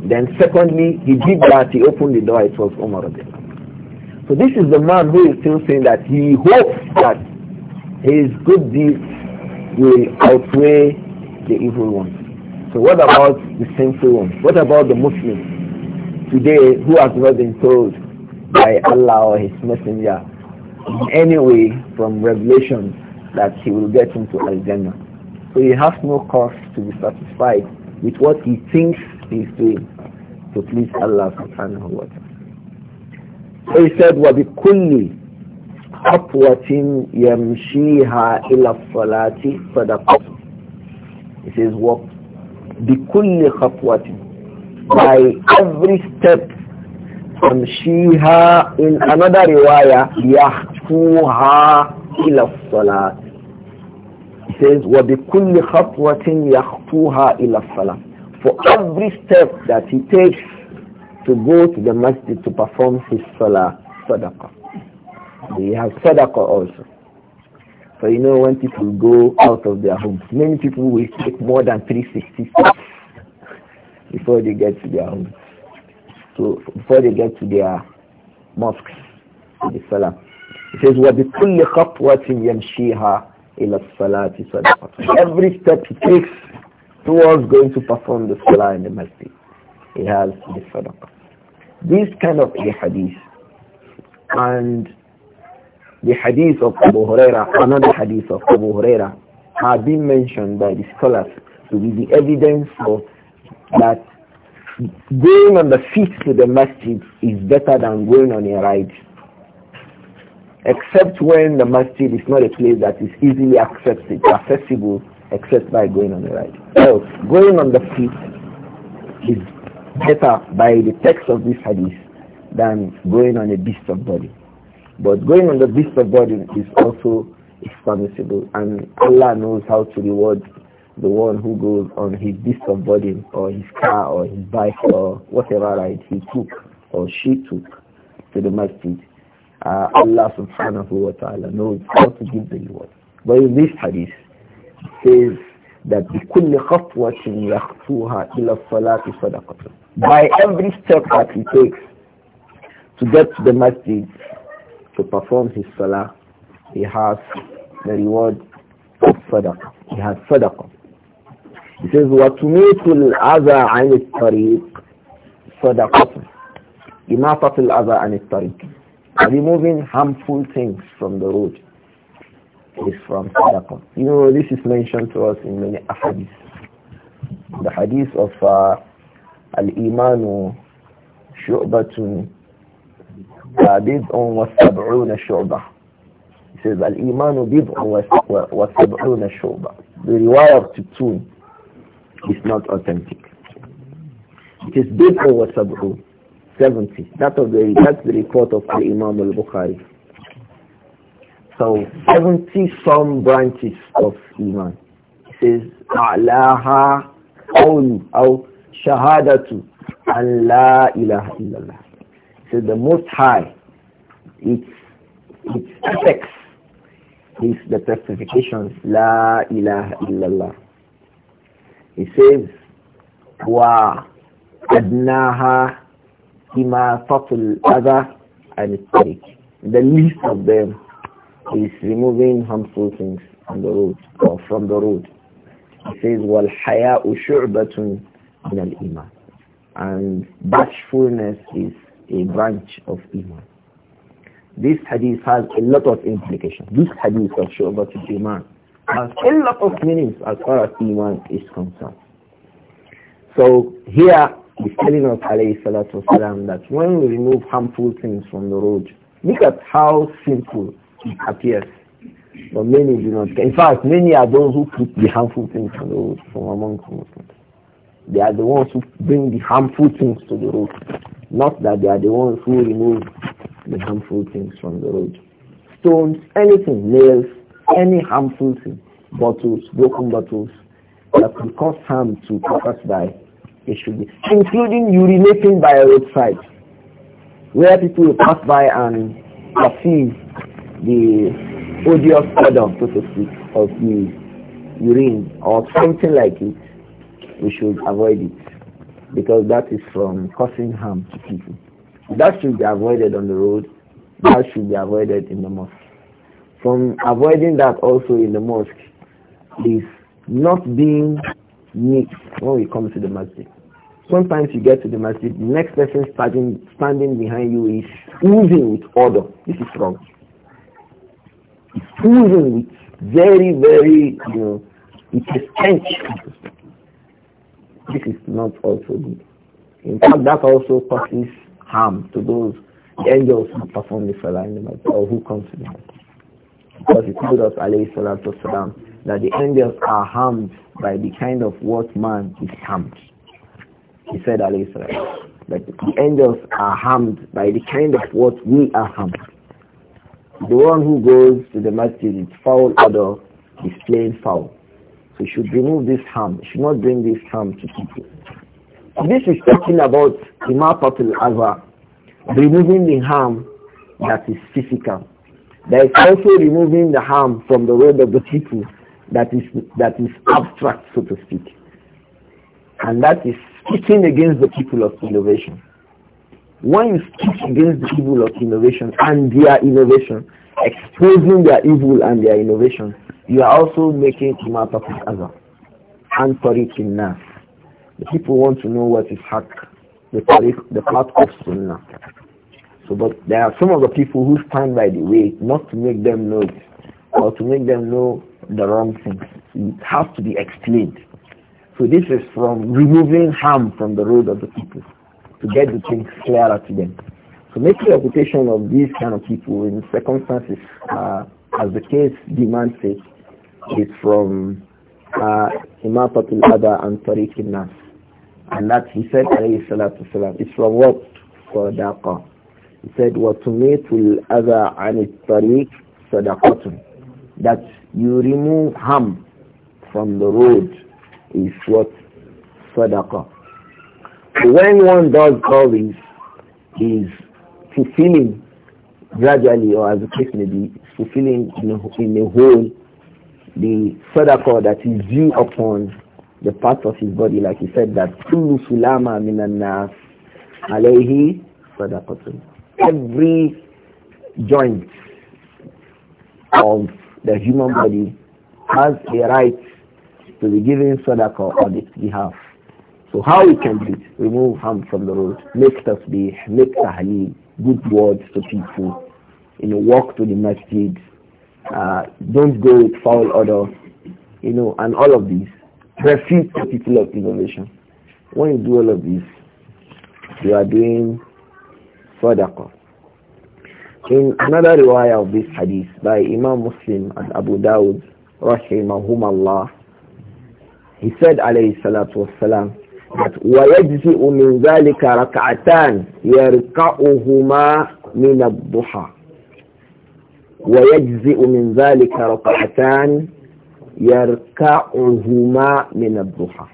Then secondly, he did that, he opened the door, it was Umar. Again. So this is the man who is still saying that he hopes that his good deeds will outweigh the evil ones. So what about the sinful ones? What about the Muslims today who has not been told by Allah or His Messenger in any way from revelation that he will get into Al-Jannah? So he has no cause to be satisfied with what he thinks he is doing to please Allah subhanahu wa ta'ala. So he said, وَبِكُلِّ خطوة يمشيها إلى الصلاة صدقة. He says, بكل خطوة by every step تمشيها in another رواية يخطوها إلى الصلاة He says وبكل خطوة يخطوها إلى الصلاة for every step that he takes to go to the masjid to perform his salah sadaqah. They have sadaqah also. So you know when people go out of their homes, many people will take more than 360 steps before they get to their homes. So before they get to their mosques, the salah. It says, وَبِكُلِّ خَطْوَةٍ يَمْشِيهَا إِلَى الصَّلَاةِ صَدَقَةٍ Every step he takes towards going to perform the salah in the masjid, he has the sadaqah. This kind of a hadith and the hadith of Abu Huraira, another hadith of Abu Huraira, have been mentioned by the scholars to be the evidence of that going on the feet to the masjid is better than going on a ride. Except when the masjid is not a place that is easily accessible, accessible except by going on a ride. So going on the feet is better by the text of this hadith than going on a beast of body. But going on the beast of body is also permissible and Allah knows how to reward the one who goes on his beast of body or his car or his bike or whatever ride he took or she took to the masjid. Uh, Allah subhanahu wa ta'ala knows how to give the reward. But in this hadith, it says that بِكُلِّ خَطْوَةٍ يَخْطُوهَا إِلَى الصَّلَاةِ صَدَقَةٌ By every step that he takes to get to the masjid to perform his salah, he has the reward of sadaqah. He has sadaqah. He says, وَتُمِيتُ الْأَذَى عَنِ الطَّرِيقِ صَدَقَةٌ إِمَاطَةُ الْأَذَى عَنِ الطَّرِيقِ Removing harmful things from the road is from Sadaqah. You know, this is mentioned to us in many hadiths. The hadith of uh, Al-Imanu Shu'batun uh, Bid'un wa Sab'una Shu'bah. It says Al-Imanu Bid'un wa Sab'una Shu'bah. The reward to Tutun is not authentic. It is Bid'un wa Sab'un. 70. That of the, that's the report of Al-Imam Al-Bukhari so 70 some branches of Iman. It says, A'laha qawlu aw shahadatu an la ilaha illallah. It says the most high, its, its effects is the testifications, la ilaha illallah. It says, wa adnaha ima fatul adha and The least of them is removing harmful things on the road or from the road. He says, وَالْحَيَاءُ min al-iman," And bashfulness is a branch of Iman. This hadith has a lot of implications. This hadith of Shu'batul Iman has a lot of meanings as far as Iman is concerned. So here he's telling us alayhi salatu wasalam that when we remove harmful things from the road, look at how simple appears. But many do not care. In fact, many are those who put the harmful things on the road from among Muslims. They are the ones who bring the harmful things to the road. Not that they are the ones who remove the harmful things from the road. Stones, anything, nails, any harmful thing, bottles, broken bottles, that could cause harm to pass by. It should be, including urinating by a roadside, where people will pass by and perceive the odious odor, so to speak, of the urine or something like it, we should avoid it because that is from causing harm to people. That should be avoided on the road. That should be avoided in the mosque. From avoiding that also in the mosque is not being neat when we come to the masjid. Sometimes you get to the masjid, the next person standing, standing behind you is oozing with odor. This is wrong proven with very, very, you know, it is a stench. This is not also good. In fact, that also causes harm to those angels who perform the salah in the night or who consume it. Because he told us, alayhi salatu that the angels are harmed by the kind of what man is harmed. He said, alayhi salatu that the angels are harmed by the kind of what we are harmed. The one who goes to the masjid with foul odor is plain foul. So you should remove this harm. You should not bring this harm to people. This is talking about Imapatul Azwa, removing the harm that is physical. There is also removing the harm from the world of the people that is, that is abstract, so to speak. And that is speaking against the people of innovation when you speak against the evil of innovation and their innovation, exposing their evil and their innovation, you are also making it matter each other and tariq in nas. The people want to know what is haq, the tariq, the path of sunnah. So, but there are some of the people who stand by the way not to make them know it or to make them know the wrong things. It has to be explained. So this is from removing harm from the road of the people to get the things clearer to them. So make the reputation of these kind of people in circumstances uh, as the case demands it is from Imam uh, Adha and Tariq Nas. And that he said, salatu it's from what? Sadaqa. He said, وَتُمِيتُ الْأَذَى عَنِ الطَّرِيقِ صَدَقَةٌ That you remove harm from the road is what? Sadaqah. When one does all this, is fulfilling gradually or as the case may be, fulfilling in a, in whole the sadaqah that is due upon the parts of his body, like he said that kullu sulama minan alayhi sadaqatun. Every joint of the human body has a right to be given sadaqah on its behalf. So how we can do it? Remove harm from the road, make us be make tahleel, good words to people, you know, walk to the masjid, uh, don't go with foul odor, you know, and all of these. Refute the people of innovation. When you do all of these, you are doing sadaqah. In another riwayah of this hadith by Imam Muslim and Abu Dawud, rahimahum Allah, he said alayhi salatu wassalam, that وَيَجْزِئُ مِنْ ذَلِكَ رَكْعَتَانِ يَرْكَعُهُمَا مِنَ الضُّحَى وَيَجْزِئُ مِنْ ذَلِكَ رَكْعَتَانِ يَرْكَعُهُمَا مِنَ الضُّحَى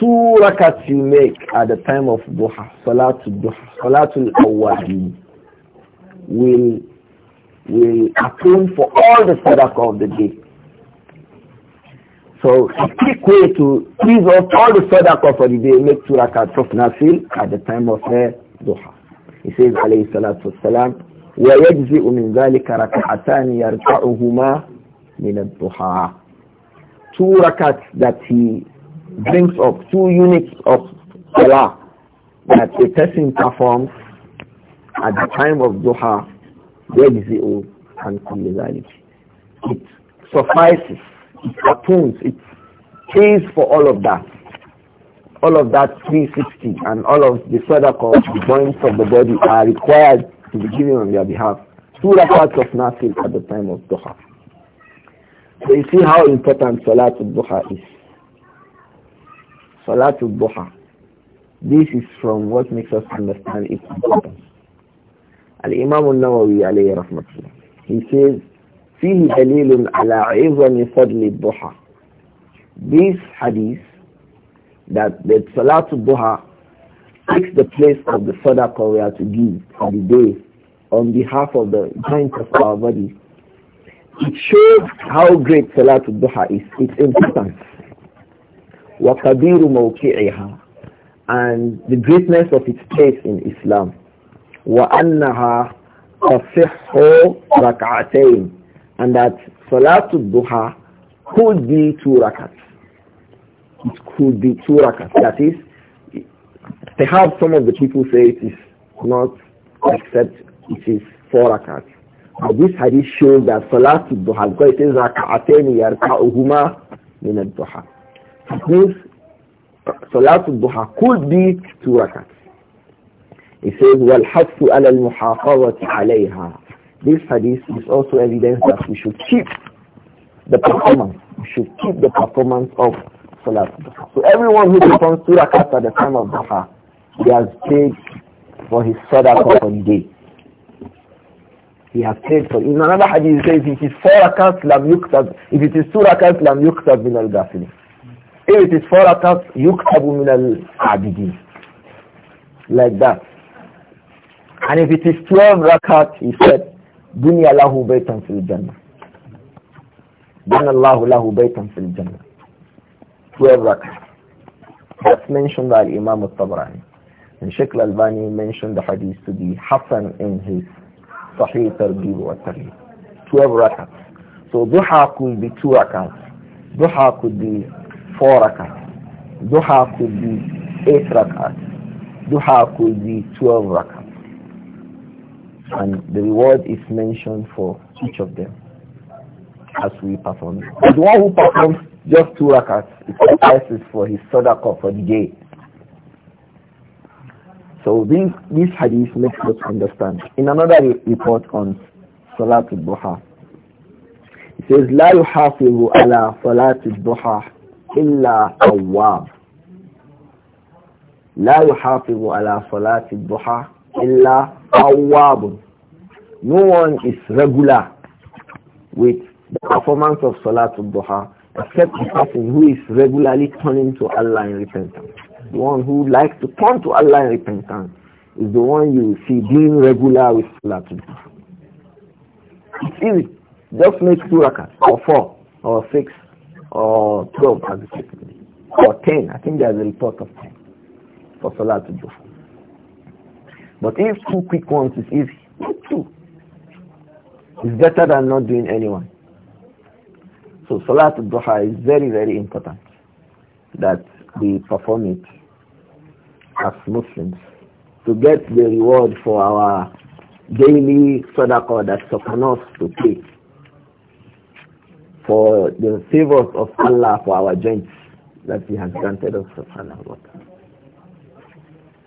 Two rakats you make at the time of duha, salatul duha, salatul awwali will will atone for all the sadaqah of the day. So a quick way to please all the sadaqah for the day, make two rakats of nafil at the time of uh, duha. He says, alayhi salatu wasalam, وَيَجْزِئُ مِنْ ذَلِكَ رَكَعَتَانِ يَرْكَعُهُمَا مِنَ الضُّحَى Two rakats that he brings up, two units of salah that a person performs at the time of duha, يَجْزِئُ عَنْ and ذَلِكَ It suffices it atones. It pays for all of that. All of that 360 and all of the sadaqah, the joints of the body are required to be given on their behalf. Two rakats of nafil at the time of duha. So you see how important Salatul Duha is. Salatul Duha. This is from what makes us understand its importance. Al-Imam al-Nawawi alayhi rahmatullah. He says, فيه دليل على عظم فضل الضحى This hadith that the Salatul Duha takes the place of the sadaqah we are to give on the day on behalf of the joints of our body. It shows how great Salatul Duha is, its importance. وَكَبِيرُ مَوْكِعِهَا And the greatness of its place in Islam. وَأَنَّهَا تَصِحُّ رَكْعَتَيْنِ and that Salatul Duha could be two rakats. It could be two rakats. That is, perhaps some of the people say it is not, except it is four rakats. But this hadith shows that Salatul Duha, because it says raka'atayn yarka'uhuma min al-duha. It means Salatul Duha could be two rakats. It says, وَالْحَفُّ عَلَى الْمُحَافَظَةِ عَلَيْهَا this hadith is also evidence that we should keep the performance. We should keep the performance of Salat. So everyone who performs two rakats at the time of Dhaha, he has paid for his sadaqah for the day. He has paid for In another hadith it says, if it is four rakats, lam yuktab. If it is two rakats, lam yuktab min al ghafili. If it is four rakats, yuktabu min al abidin. Like that. And if it is 12 rakats, he said, Dunya له baytan fil الجنة بنى الله له fil في الجنة 12 rakah that's mentioned by Imam al-Tabrani and Sheikh al-Albani mentioned the hadith to be Hassan in his Sahih Tarjib wa Tarjib 12 rakahs so duha could be 2 rakahs duha could be 4 rakahs duha could be 8 rakahs duha could be 12 rakahs and the reward is mentioned for each of them as we perform. But the one who performs just two rakats, it suffices for his sadaqah for the day. So this, this hadith makes us understand. In another report on Salat al-Duha, it says, لا يحافظ على صلاة الضحى إلا أواب لا يحافظ على صلاة الضحى إلا أواب no one is regular with the performance of Salatul Duha except the person who is regularly turning to Allah in repentance. The one who likes to turn to Allah in repentance is the one you see being regular with Salatul Duha. It's easy. Just make two rakats or four or six or twelve as it is or ten. I think there's a report of ten for Salatul Duha. But if two quick ones is easy, two. It's better than not doing anyone. So Salat al-Duha is very, very important that we perform it as Muslims to get the reward for our daily sadaqah that's upon us to pay for the favors of Allah for our joints that He has granted us subhanahu wa ta'ala.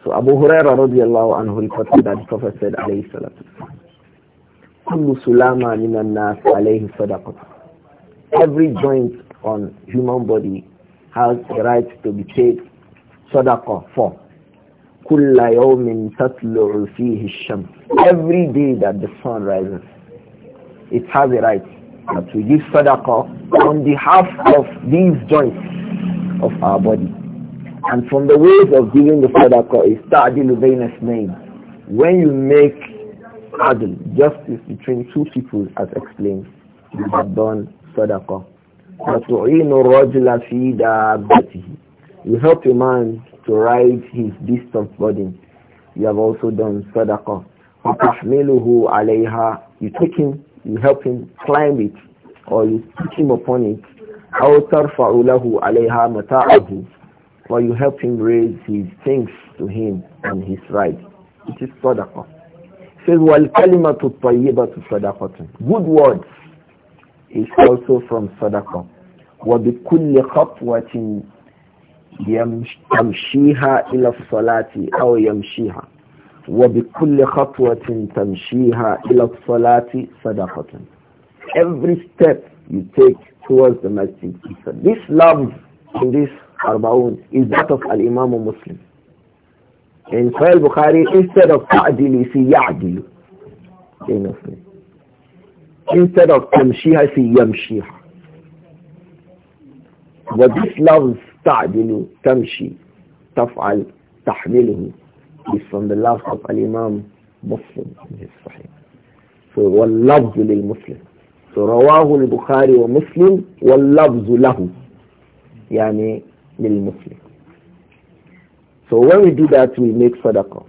So Abu Huraira radiallahu anhu reported that the Prophet said alayhi salatu every joint on human body has a right to be paid صدقة for every day that the sun rises it has a right that we give sadaqah on behalf of these joints of our body and from the ways of giving the sadaqah is ta'dilu bayna name when you make adl, justice between two people as explained, you have done sadaqah. وَتُعِينُ الرَّجْلَ فِي دَابَّتِهِ You help a man to ride his beast of burden. You have also done sadaqah. وَتَحْمِلُهُ عَلَيْهَا You take him, you help him climb it, or you put him upon it. أَوْ تَرْفَعُ لَهُ عَلَيْهَا مَتَاعَهُ Or you help him raise his things to him on his ride. It is sadaqah says wal tayyibatu sadaqatun good words is also from sadaqah wa bi kulli khatwatin yamshiha ila salati aw yamshiha wa bi kulli khatwatin tamshiha ila salati sadaqatun every step you take towards the masjid this love in this arbaun is that of al imam muslim يعني صحيح البخاري انسد التعدلي في يعدل انسد إيه تمشيها في يمشيها وديس لفظ تعدل تمشي تفعل تحمله بسم الله صف الامام مسلم الصحيح واللفظ للمسلم رواه البخاري ومسلم واللفظ له يعني للمسلم So when we do that, we make sadaqah.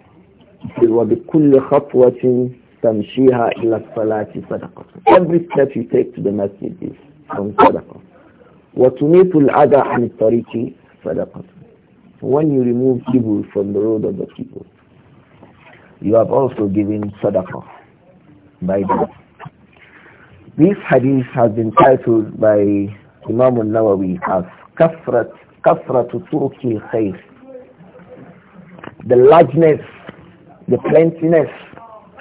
It will be kulli khatwatin tamshiha ila salati sadaqah. Every step you take to the masjid is from sadaqah. وَتُمِيتُ الْعَدَى عَنِ الطَّرِيقِ صَدَقَةٌ When you remove evil from the road of the people, you have also given sadaqah by that. This hadith has been titled by Imam al-Nawawi as كَفْرَةُ تُرْكِ الْخَيْرِ the largeness, the plentiness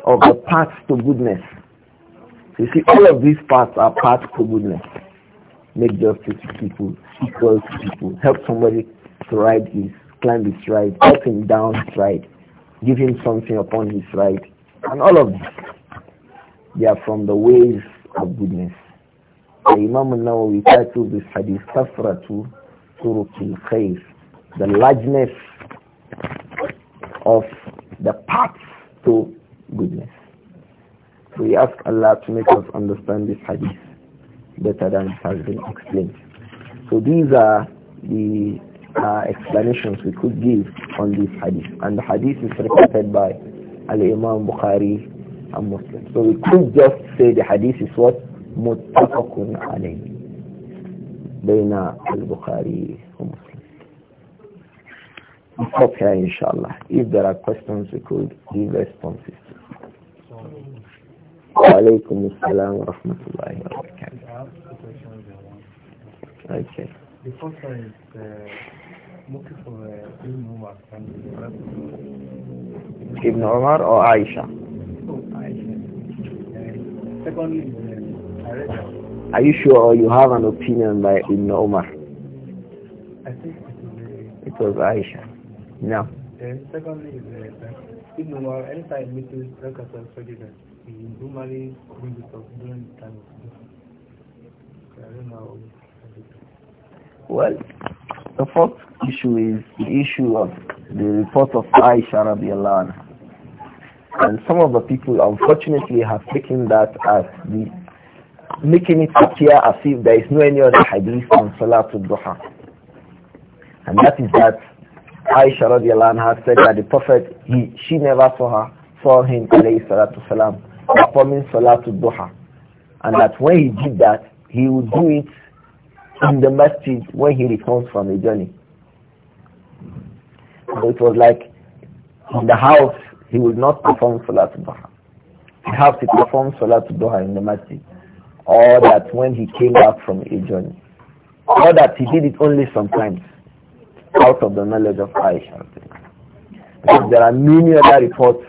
of the path to goodness. You see, all of these paths are paths to goodness. Make justice to people, equal to people, help somebody to ride his, climb his ride, help him down his ride, give him something upon his ride. And all of this, they are from the ways of goodness. The Imam Nawawi titled this hadith, Kafratu Turukil khayf. the largeness of the paths to goodness. So we ask Allah to make us understand this hadith better than it has been explained. So these are the uh, explanations we could give on this hadith. And the hadith is reported by Al-Imam Bukhari and Muslim. So we could just say the hadith is what? متفق عليه بين البخاري ومسلم we here, inshallah. If there are questions, we could give responses. Walaikum assalam wa rahmatullahi wa barakatuh. Okay. The first one is uh, looking for uh, Ibn Umar and Ibn Umar or Aisha? Oh, Aisha. Uh, secondly, uh, Are you sure you have an opinion by Ibn Umar? I think it uh, was Aisha. Yeah. Then secondly, uh, if no more any time misses records of forgiveness, we normally do this during the time of I Well, the first issue is the issue of the report of Aisha radiallahu anha. And some of the people unfortunately have taken that as the making it appear as if there is no any other hadith on Salatul Duha. And that is that Aisha radiallahu anha said that the Prophet, he, she never saw her, saw him alayhi salatu salam, performing salatu duha. And that when he did that, he would do it in the masjid when he returns from a journey. So it was like in the house, he would not perform salatu duha. Perhaps he perform salatu duha in the masjid. Or that when he came back from a journey. Or that he did it only sometimes out of the knowledge of Aisha. Because there are many other reports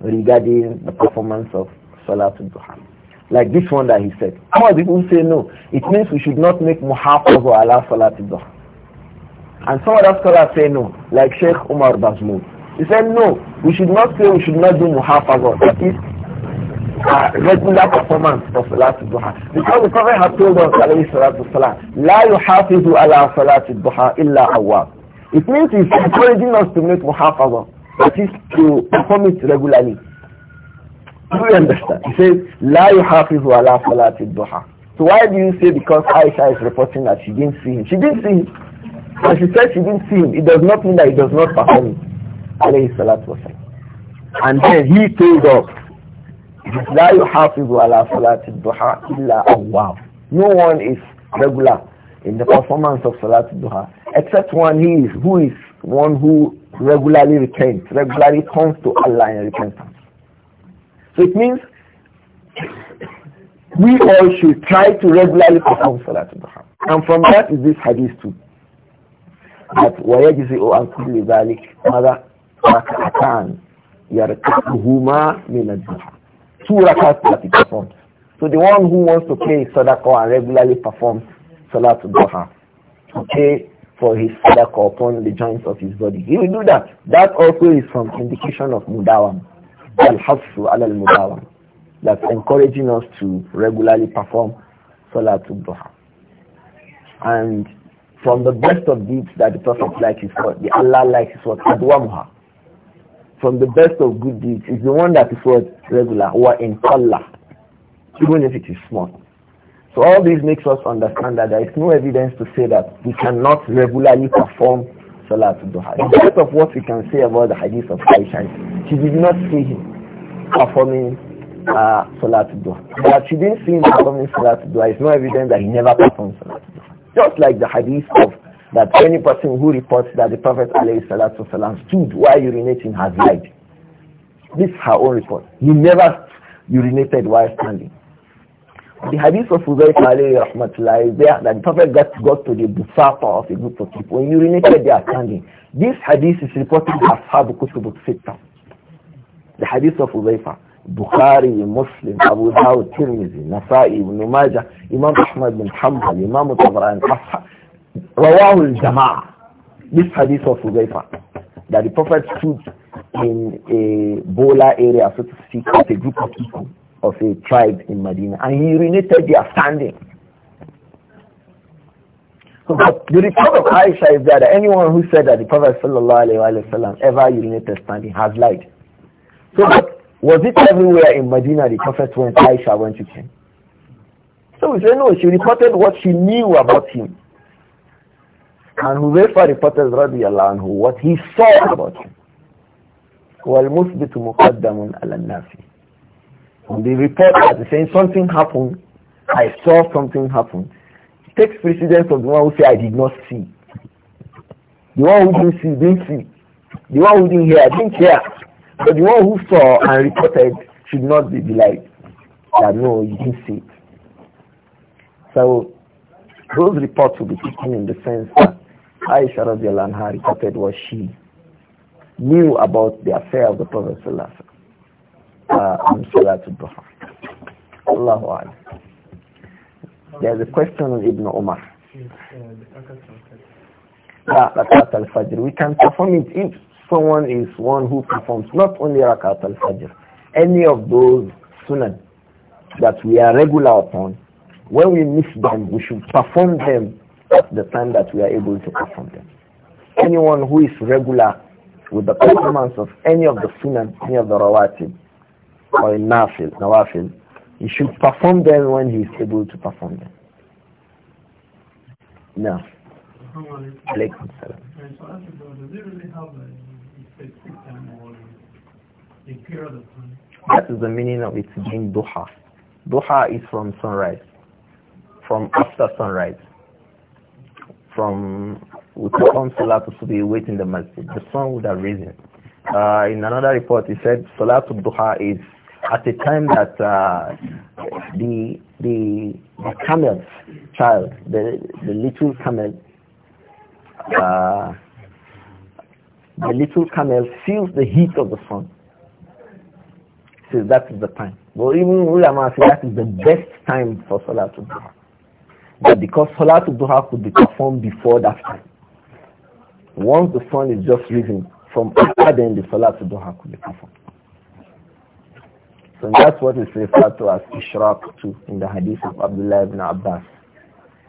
regarding the performance of Salatul Duha. Like this one that he said. Some of people say no. It means we should not make muhafaz or ala Salatul Duha. And some other scholars say no. Like Sheikh Umar Bazmoud. He said no. We should not say we should not do muhafaz or that is a regular performance of Salatul Duha. Because the Prophet has told us, Salatul salatu la yuhafizu يحافظ على صلاة الضحى إلا أواب. It means he's encouraging us to make muhafaza, that is to perform it regularly. Do you understand? He says, La yuhafizu ala salati duha. So why do you say because Aisha is reporting that she didn't see him? She didn't see him. When she said she didn't see him, it does not mean that he does not perform it. Alayhi salatu wasalam. And then he told us, La yuhafizu ala salati duha illa No one is regular in the performance of salat duha except one he is, who is one who regularly returns, regularly comes to Allah in repentance. So it means we all should try to regularly perform Salat al-Duha. And from that is this hadith too. That وَيَجْزِئُ عَنْ كُلِّ ذَلِكَ مَاذَا رَكَعَتَانِ يَرْكَعُهُمَا مِنَ الدُّحَى Two rakats that he performs. So the one who wants to pay sadaqah and regularly performs Salat al-Duha, okay, for his sadaqah upon the joints of his body. He will do that. That also is from indication of mudawam. Al-hafsu al-mudawam. That's encouraging us to regularly perform salatul duha. And from the best of deeds that the Prophet likes is what? The Allah likes is what? Adwamuha. From the best of good deeds is the one that is what? Regular. Wa in Even if it is small. So all this makes us understand that there is no evidence to say that we cannot regularly perform Salat Duha. Because of what we can say about the hadith of Aisha, she did not see him performing uh, Salat Duha. That she didn't see him performing Salat Duha is no evidence that he never performed Salat Duha. Just like the hadith of that any person who reports that the Prophet والسلام, stood while urinating has lied. This is her own report. He never urinated while standing. The hadith of Uzayf alayhi rahmatullah is there that the Prophet got, got to the busata of a group of people. When urinated, they their standing. This hadith is reported as Ashab Kutub Sitta. The hadith of Uzayfa. Bukhari, Muslim, Abu Dawud, Tirmidhi, Nasa'i, Ibn Majah, Imam Ahmad bin Hanbal, Imam Tabrani, Rawahu al-Jama'ah. This hadith of Uzayfa. That the Prophet stood in a bowler area, so to speak, with a group of people of a tribe in Medina and he urinated their standing. But the report of Aisha is that anyone who said that the Prophet ﷺ ever urinated standing has lied. So but was it everywhere in Medina the Prophet went, Aisha went with him? So we say no, she reported what she knew about him. And Huzaifa reported radiallahu anhu what he saw about him. Well, to مُقَدَّمٌ al-nafi the report that is saying something happened, I saw something happen. It takes precedence of the one who say I did not see. The one who didn't see didn't see. The one who didn't hear didn't hear. But the one who saw and reported should not be belied that no, you didn't see it. So those reports will be taken in the sense that Aisha radiallahu anha reported what she knew about the affair of the Prophet sallallahu uh, on Salatul Duha. Allahu There's a question on Ibn Umar. Ah, Rakat al-Fajr. We can perform it if someone is one who performs not only Rakat al-Fajr, any of those sunnah that we are regular upon, when we miss them, we should perform them at the time that we are able to perform them. Anyone who is regular with the performance of any of the sunnah, any of the rawatib, or in nafil, nawafil, he should perform them when he is able to perform them. No. Alaykum salam. That is the meaning of it being duha. Duha is from sunrise, from after sunrise, from we perform to be waiting the masjid. The sun would have risen. Uh, in another report, he said Salatul Duha is at the time that uh, the, the, the camel's child, the, the little camel, uh, the little camel feels the heat of the sun. So that is the time. But even ulama say that is the best time for Salatul Duha. But because Salatul Duha could be performed before that time. Once the sun is just risen, from after then the Salatul Duha could be performed. So that's what is referred to as Ishraq too in the hadith of Abdullah ibn Abbas.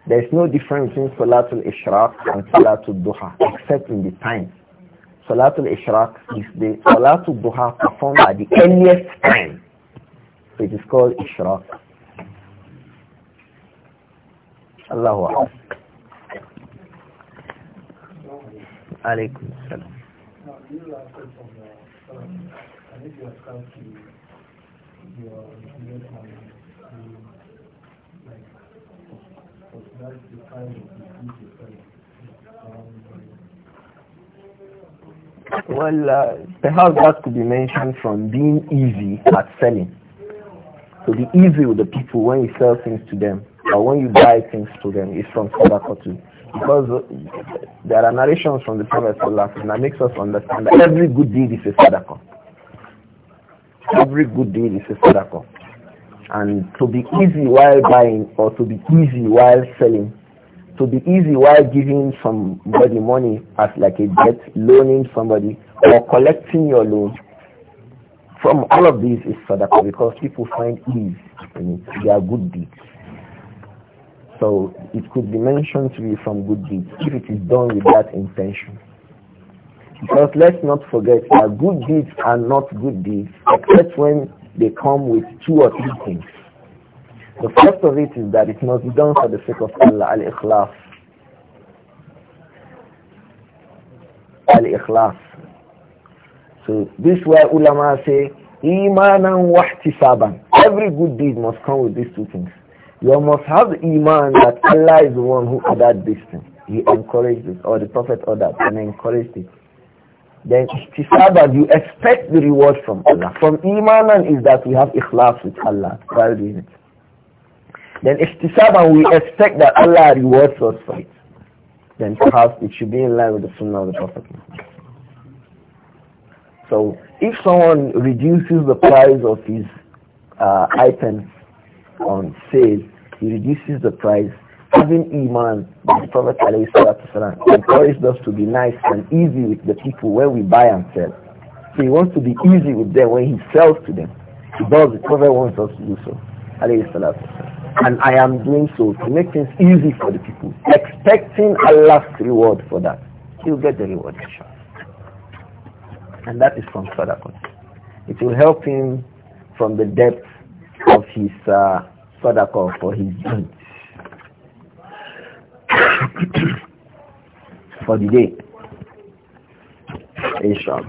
There is no difference between Salatul Ishraq and Salatul Duha except in the time. Salatul Ishraq is the Salatul Duha performed at the earliest time. So it is called Ishraq. Allahu Akbar. Salam your to like that the kind of disease Well, uh, perhaps that could be mentioned from being easy at selling. So the easy with the people when you sell things to them or when you buy things to them is from Sadaqah Because uh, there are narrations from the Prophet that makes us understand that every good deed is a Sadaqah. Every good deed is a sadaqah. And to be easy while buying or to be easy while selling, to be easy while giving somebody money as like a debt, loaning somebody or collecting your loan, from all of these is sadaqah because people find ease in it. They are good deeds. So it could be mentioned to be from good deeds if it is done with that intention. Because let's not forget that good deeds are not good deeds except when they come with two or three things. The first of it is that it must be done for the sake of Allah, al-ikhlas. Al-ikhlas. So this is why ulama say, imanan and ihtisaban. Every good deed must come with these two things. You must have the iman that Allah is the one who ordered this thing. He encouraged it, or the Prophet ordered and encouraged it then that you expect the reward from Allah from imanan is that we have ikhlas with Allah while doing it then ihtisaba we expect that Allah rewards us for it then perhaps it should be in line with the sunnah of the Prophet so if someone reduces the price of his uh, items on sale he reduces the price having iman, the Prophet encouraged us to be nice and easy with the people where we buy and sell. So he wants to be easy with them when he sells to them. He does. The Prophet wants us to do so. And I am doing so to make things easy for the people, expecting Allah's reward for that. You get the reward, And that is from Sadaqah. It will help him from the depth of his uh, Sadaqah for his deeds. for the day. Inshallah.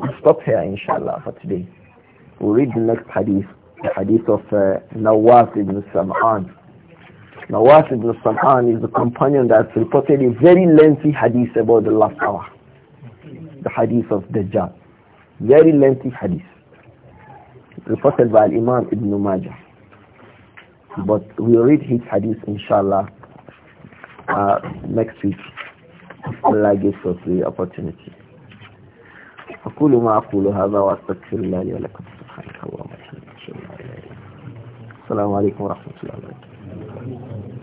We'll stop here, inshallah, for today. We'll read the next hadith, the hadith of uh, Nawas ibn Sam'an. Nawas ibn Sam'an is the companion that reported a very lengthy hadith about the last hour. The hadith of Dajjal. Very lengthy hadith. Reported by Imam Ibn Majah. But we'll read his hadith, inshallah, uh, next week, if Allah gives us the opportunity. أقول ما أقول هذا وأستغفر الله لي ولكم سبحانك اللهم وبحمدك السلام عليكم ورحمة الله وبركاته